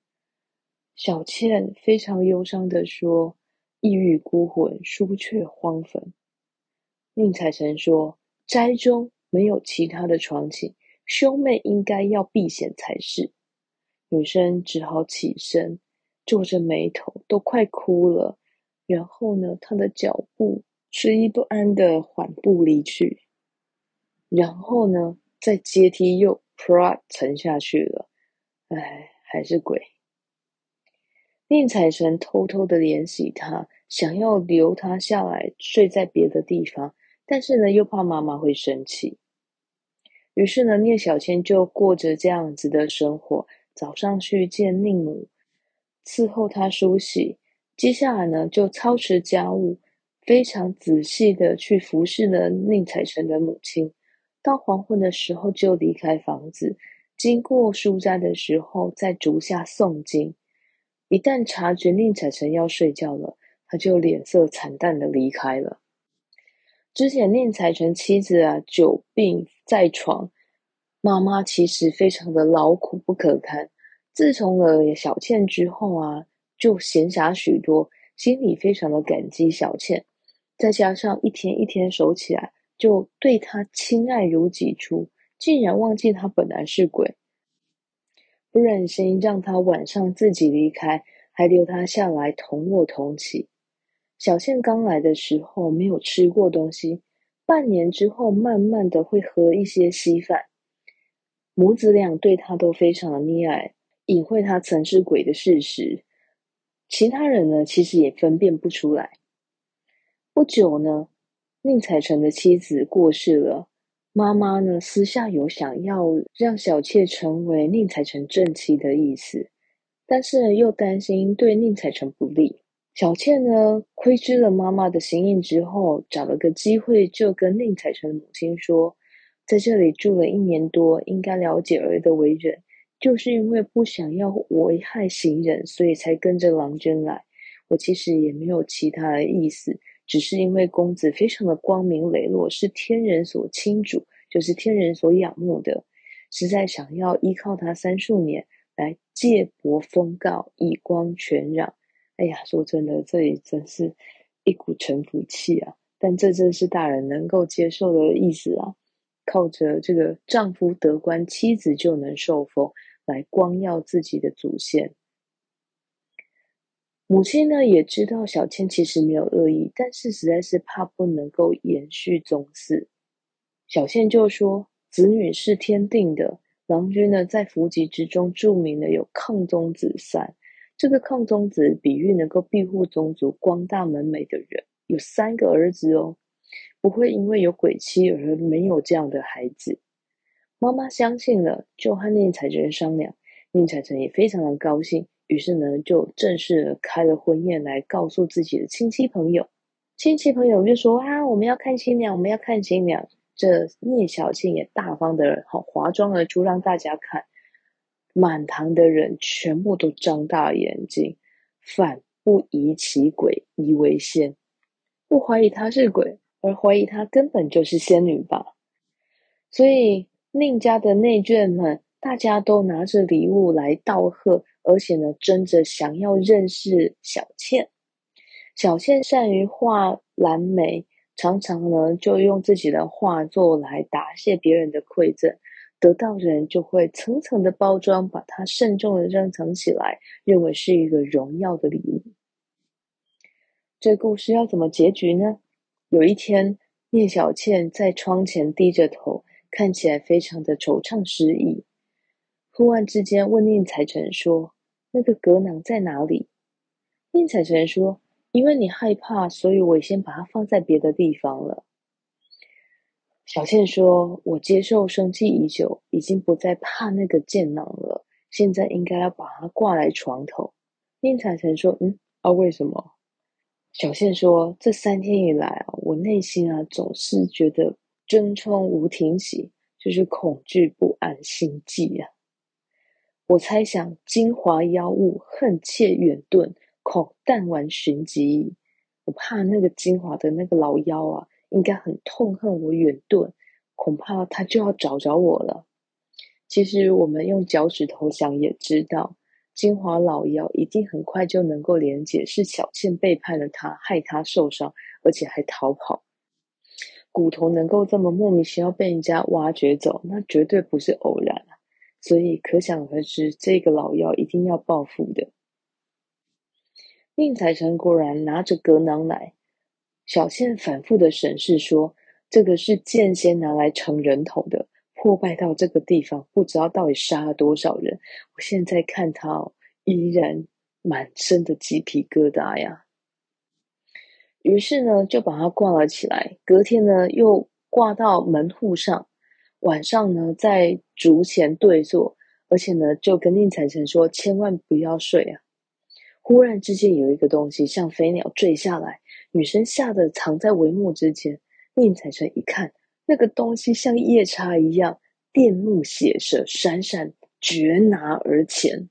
小倩非常憂傷地說：“異域孤魂，殊怯荒墳。”寧采臣說：“齋中沒有其他的床寢，兄妹應該要避嫌才是。”女生只好起身，皺着眉頭，都快哭了。然後呢，她的腳步遲疑不安地緩步離去。然後呢，在階梯又啪沉下去了。哎，還是鬼。寧采臣偷偷的聯繫她，想要留她下來睡在別的地方，但是呢，又怕媽媽會生氣。於是呢，聶小倩就過着這樣子的生活：早上去見寧母，伺候她梳洗；接下來呢，就操持家務，非常仔細的去服侍了寧采臣的母親。到黃昏的時候，就離開房子。經過書齋的時候，在竹下誦經。一旦察覺寧采臣要睡覺了，他就臉色慘淡的離開了。之前寧采臣妻子啊，久病在床，媽媽其實非常的勞苦不可堪。自從了小倩之後啊，就閒暇許多，心裡非常的感激小倩。再加上一天一天熟起來，就對他親愛如己出。竟然忘記他本來是鬼，不忍心讓他晚上自己離開，還留他下來同我同起。小倩剛來的時候沒有吃過東西，半年之後慢慢的會喝一些稀飯。母子倆對他都非常溺愛，隱晦他曾是鬼的事實。其他人呢，其實也分辨不出來。不久呢，寧采臣的妻子過世了。媽媽呢，私下有想要讓小妾成為寧采臣正妻的意思，但是又擔心對寧采臣不利。小妾呢，窺知了媽媽的心意之後，找了個機會就跟寧采臣的母親說：“在這裡住了一年多，應該了解兒的為人。就是因為不想要危害行人，所以才跟着郎君來。我其實也沒有其他的意思。”只是因為公子非常的光明磊落，是天人所欽矚，就是天人所仰慕的，實在想要依靠他三數年來借博封誥，以光泉壤。哎呀，說真的，這也真是一股臣服氣啊！但這正是大人能夠接受的意思啊，靠着這個丈夫得官，妻子就能受封，來光耀自己的祖先。母親呢也知道小倩其實沒有惡意，但是實在是怕不能夠延續宗室，小倩就說：“子女是天定的，郎君呢在福籍之中著名的有亢宗子三，這個亢宗子比喻能夠庇護宗族、光大門楣的人，有三個兒子哦，不會因為有鬼妻而沒有這樣的孩子。”媽媽相信了，就和寧采臣商量，寧采臣也非常的高興。於是呢，就正式開了婚宴來告訴自己的親戚朋友。親戚朋友就說：“啊，我們要看新娘，我們要看新娘。”這聶小倩也大方的人，好華妝而出，讓大家看。滿堂的人全部都張大眼睛，反不疑其鬼，疑為仙，不懷疑她是鬼，而懷疑她根本就是仙女吧。所以寧家的內眷們，大家都拿着禮物來道賀。而且呢，爭着想要認識小倩。小倩善於畫蘭梅，常常呢就用自己的畫作來答謝別人的饋贈，得到的人就會層層的包裝，把它慎重的珍藏起來，認為是一個榮耀的禮物。這故事要怎麼結局呢？有一天，聶小倩在窗前低着頭，看起來非常的惆悵失意。突然之間問寧采臣說：“那個革囊在哪裡？”寧采臣說：“因為你害怕，所以我先把它放在別的地方了。”小倩說：“我接受生氣已久，已經不再怕那個革囊了。現在應該要把它掛在床頭。”寧采臣說：“嗯，啊，為什麼？”小倩說：“這三天以來啊，我內心啊總是覺得怔忡無停息，就是恐懼不安、心悸啊。”我猜想，金華妖物恨妾遠遁，恐旦晚尋跡。我怕那個金華的那個老妖啊，應該很痛恨我遠遁，恐怕他就要找着我了。其實我們用腳趾頭想也知道，金華老妖一定很快就能夠連接，是小倩背叛了他，害他受傷，而且還逃跑。骨頭能夠這麼莫名其妙被人家挖掘走，那絕對不是偶然。所以，可想而知，這個老妖一定要報復的。寧采臣果然拿着隔囊來，小倩反覆的審視說：“這個是劍仙拿來盛人頭的，破敗到這個地方，不知道到底殺了多少人。”我現在看他，哦、依然滿身的雞皮疙瘩呀！於是呢，就把它掛了起來。隔天呢，又掛到門戶上。晚上呢，在。竹前對坐，而且呢，就跟寧采臣說，千萬不要睡啊！忽然之間，有一個東西像飛鳥墜下來，女生嚇得藏在帷幕之前。寧采臣一看，那個東西像夜叉一樣，電目血舌，閃閃攫拿而前。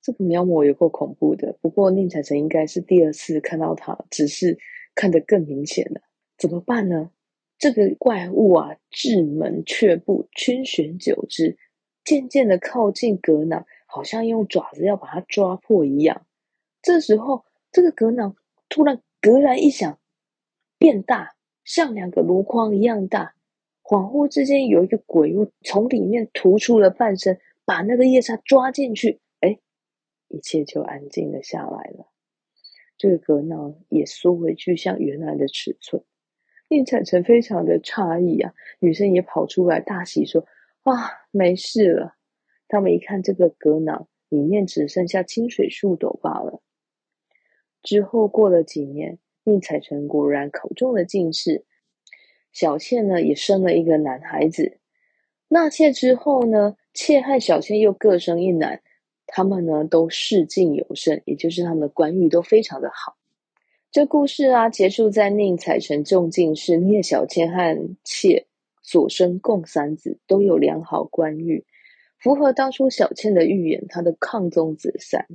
這個描摹也夠恐怖的。不過寧采臣應該是第二次看到他，只是看得更明顯了。怎麼辦呢？這個怪物啊，至門卻步，逡巡久之，漸漸的靠近革囊，好像用爪子要把它抓破一樣。這時候，這個革囊突然格然一響，變大，像兩個籮筐一樣大。恍惚之間，有一個鬼物從裡面突出了半身，把那個夜叉抓進去。哎，一切就安靜了下來了。這個革囊也縮回去，像原來的尺寸。寧采臣非常的詫異啊，女生也跑出來大喜說：“啊，沒事了。”他們一看這個革囊裡面只剩下清水數斗罷了。之後過了幾年，寧采臣果然考中了進士。小倩呢也生了一個男孩子。納妾之後呢，妾和小倩又各生一男，他們呢都仕進有聲，也就是他們的官運都非常的好。這故事啊，結束在寧采臣中進士，聶小倩和妾所生共三子，都有良好官運，符合當初小倩的預言。他的抗宗子嗣，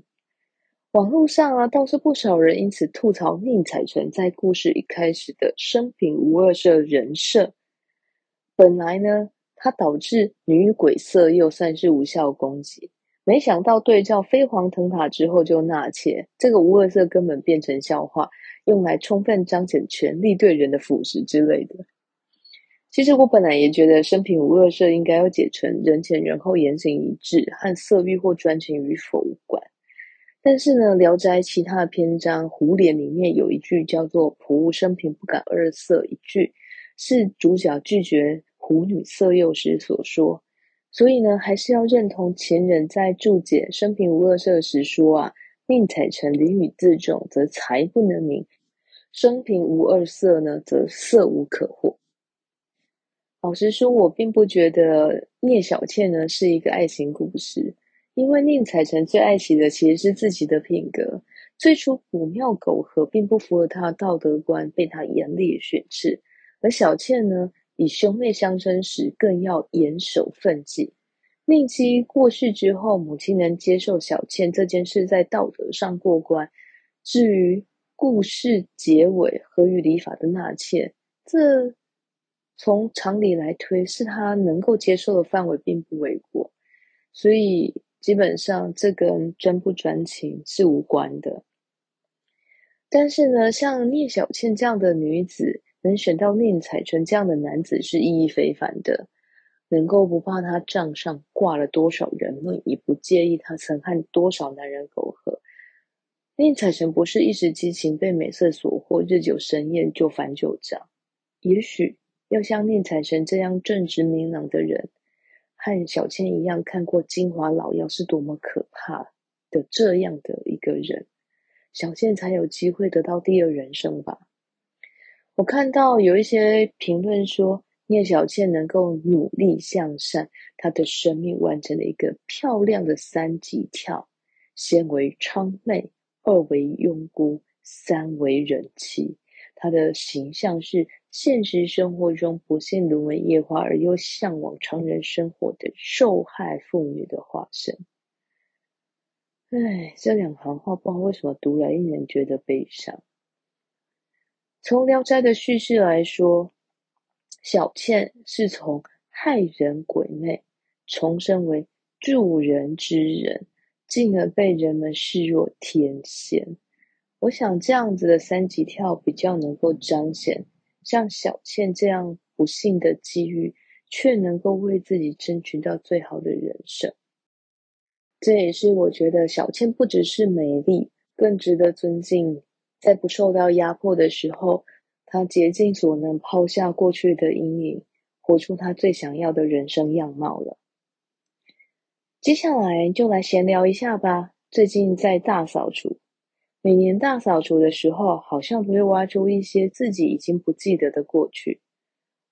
網絡上啊，倒是不少人因此吐槽寧采臣在故事一開始的生平無二色人設。本來呢，他導致女鬼色誘算是無效攻擊，沒想到對照飛黃騰達之後就納妾，這個無二色根本變成笑話。用來充分彰顯權力對人的腐蝕之類的。其實我本來也覺得“生平無惡色”應該要解成“人前人後言行一致”和“色欲或專情與否”無關。但是呢，《聊齋》其他的篇章《狐聯》裡面有一句叫做“僕生平不敢二色”，一句是主角拒絕狐女色誘時所說。所以呢，還是要認同前人在注解“生平無惡色”時說：“啊，寧采臣屢與自重，則才不能明。”生平無二色呢，則色無可惑。老實說，我並不覺得聶小倩呢是一個愛情故事，因為寧采臣最愛惜的其實是自己的品格。最初古廟苟合，並不符合他的道德觀，被他嚴厲訓斥。而小倩呢，以兄妹相稱時，更要嚴守分際。寧妻過世之後，母親能接受小倩這件事，在道德上過關。至於，故事結尾，合於禮法的納妾，這從常理來推，是他能夠接受的範圍，並不為過。所以，基本上這跟專不專情是無關的。但是呢，像聶小倩這樣的女子，能選到寧采臣這樣的男子，是意義非凡的。能夠不怕他賬上掛了多少人命，也不介意他曾和多少男人苟合。寧采臣不是一時激情被美色所惑，日久生厭就翻舊賬。也許要像寧采臣這樣正直明朗的人，和小倩一樣看過《金華老妖》是多麼可怕的這樣的一個人，小倩才有機會得到第二人生吧。我看到有一些評論說，聶小倩能夠努力向善，她的生命完成了一個漂亮的三級跳，先為娼妹，二為庸姑，三為人妻。他的形象是現實生活中不幸淪為夜花，而又嚮往常人生活的受害婦女的化身。哎，這兩行話，不知道為什麼讀來令人覺得悲傷。從《聊齋》的敘事來說，小倩是從害人鬼魅重生為助人之人。進而被人們視若天仙。我想這樣子的三級跳比較能夠彰顯，像小倩這樣不幸的機遇，卻能夠為自己爭取到最好的人生。這也是我覺得小倩不只是美麗，更值得尊敬。在不受到壓迫的時候，她竭盡所能，拋下過去的陰影，活出她最想要的人生樣貌了。接下來就來閒聊一下吧。最近在大掃除，每年大掃除的時候，好像都會挖出一些自己已經不記得的過去。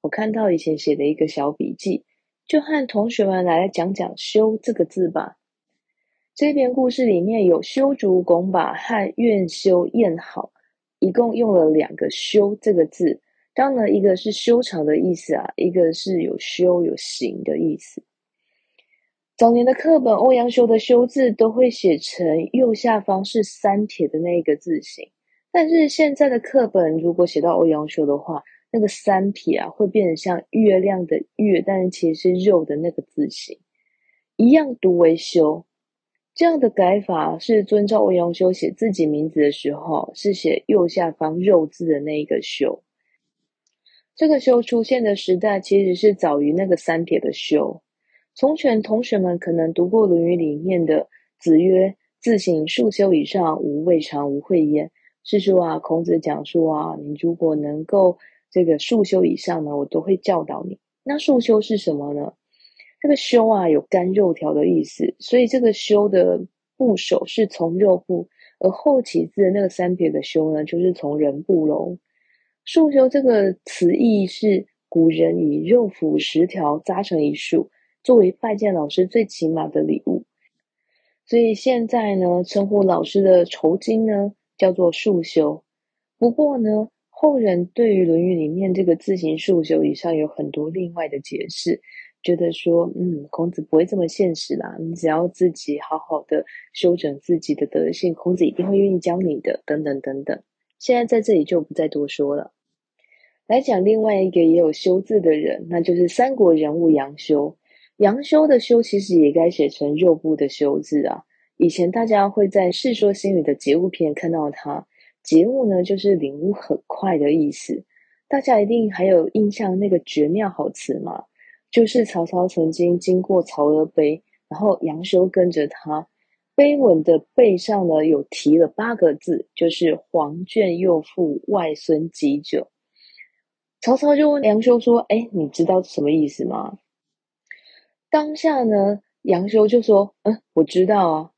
我看到以前寫的一個小筆記，就和同學們來，來講講“修”這個字吧。這篇故事裡面有“修竹拱把”和“願修燕好”，一共用了兩個“修”這個字。當然，一個是修長的意思啊，一個是有修有行的意思。早年的課本，歐陽修的“修”字都會寫成右下方是三撇的那一個字形，但是現在的課本如果寫到歐陽修的話，那個三撇啊會變成像月亮的“月”，但是其實是“肉”的那個字形，一樣讀為“修”。這樣的改法是遵照歐陽修寫自己名字的時候，是寫右下方“肉”字的那一個“修”，這個“修”出現的時代其實是早於那個三撇的“修”。從前同學們可能讀過《論語》裡面的“子曰：自行束脩以上，吾未嘗無誨焉。”是說啊，孔子講說啊，你如果能夠這個束脩以上呢，我都會教導你。那束脩是什麼呢？這、那個“脩”啊，有乾肉條的意思，所以這個“脩”的部首是從肉部，而後起字的那個三撇的“修”呢，就是從人部咯。“束脩”這個詞義是古人以肉脯十條扎成一束，作為拜見老師最起碼的禮物，所以現在呢，稱呼老師的酬金呢叫做束修。不過呢，後人對於《論語》裡面這個“自行束修”以上有很多另外的解釋，覺得說，嗯，孔子不會這麼現實啦，你只要自己好好的修整自己的德性，孔子一定會願意教你的，等等等等。現在在這裡就不再多說了。來講另外一個也有“修”字的人，那就是三國人物楊修。楊修的修其實也該寫成“肉部”的修字啊。以前大家會在《世說新語》的“捷悟”篇看到他，“捷悟”呢就是領悟很快的意思。大家一定還有印象那個絕妙好詞嘛，就是曹操曾經經過曹娥碑，然後楊修跟着他，碑文的背上呢有提了八個字，就是“黃絹幼婦外孫齏臼”。曹操就問楊修說：“哎，你知道什麼意思嗎？”當下呢，楊修就說：“嗯，我知道啊。”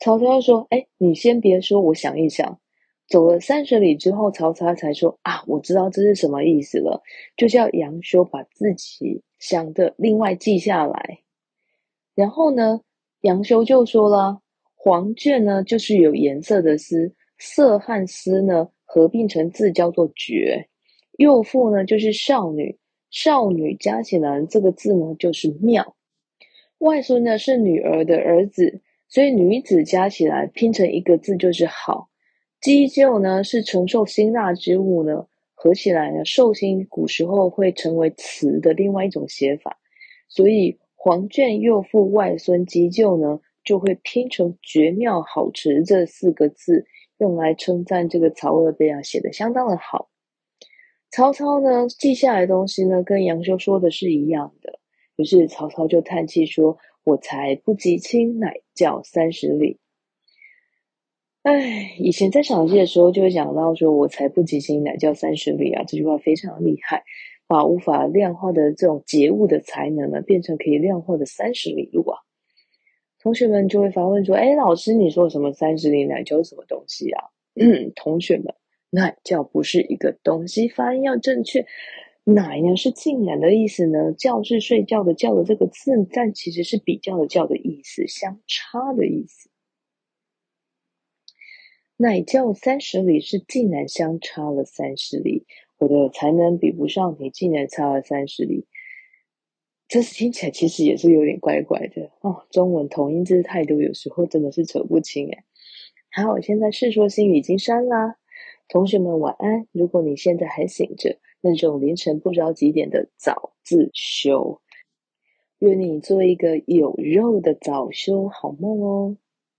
曹操說：“哎，你先別說，我想一想。”走了三十里之後，曹操才說：“啊，我知道這是什麼意思了。”就叫楊修把自己想的另外記下來。然後呢，楊修就說了：“黃絹呢，就是有顏色的絲；色和絲呢，合併成字叫做絕。幼婦呢，就是少女；少女加起來這個字呢，就是妙。”外孫呢，是女兒的兒子，所以女子加起來拼成一個字就是好。齏臼，呢是承受辛辣之物呢，合起來呢受辛，古時候會成為詞的另外一種寫法。所以黃絹幼婦外孫齏臼呢，就會拼成絕妙好詞這四個字，用來稱讚這個曹娥碑啊，寫得相當的好。曹操呢記下來的東西呢，跟楊修說的是一樣的。於是曹操就嘆氣說：“我才不及卿，乃教三十里。”哎，以前在賞析的時候就會講到說：“我才不及卿，乃教三十里啊。”這句話非常厲害，把無法量化的這種傑物的才能呢，變成可以量化的三十里路啊。同學們就會發問說：“哎，老師，你說什麼三十里乃教是什麼東西啊？”嗯、同學們，乃教不是一個東西，發音要正確。乃呢是竟然的意思呢，覺是睡覺的覺的這個字，但其實是比較的較的意思，相差的意思。乃覺三十里是竟然相差了三十里，我的才能比不上你，竟然差了三十里，這是聽起來其實也是有點怪怪的哦。中文同音字太多，有時候真的是扯不清哎。好，我現在《世說新語》已經刪啦，同學們晚安。如果你現在還醒着。那種凌晨不知道幾點的早自修，願你做一個有肉的早修好夢哦。